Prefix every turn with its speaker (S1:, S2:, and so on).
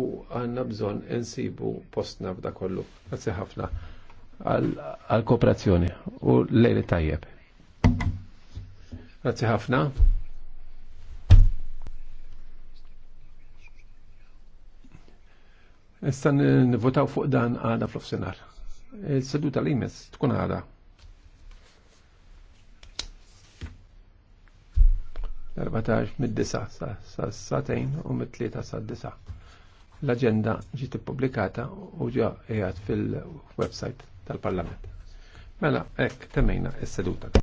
S1: u għanna bżon insibu postna f'da kollu. Grazzi ħafna għal kooperazzjoni u lejli tajjeb. Grazzi ħafna. Issa nivotaw fuq dan għada fl-ofsenar. Il-seduta li jmiss tkun għada. l-14 mid disa sa' satajn u mid-3 sa' disa l-agenda ġiet ippubblikata u ġa qiegħed fil-website tal-Parlament. Mela, hekk temmejna s-seduta.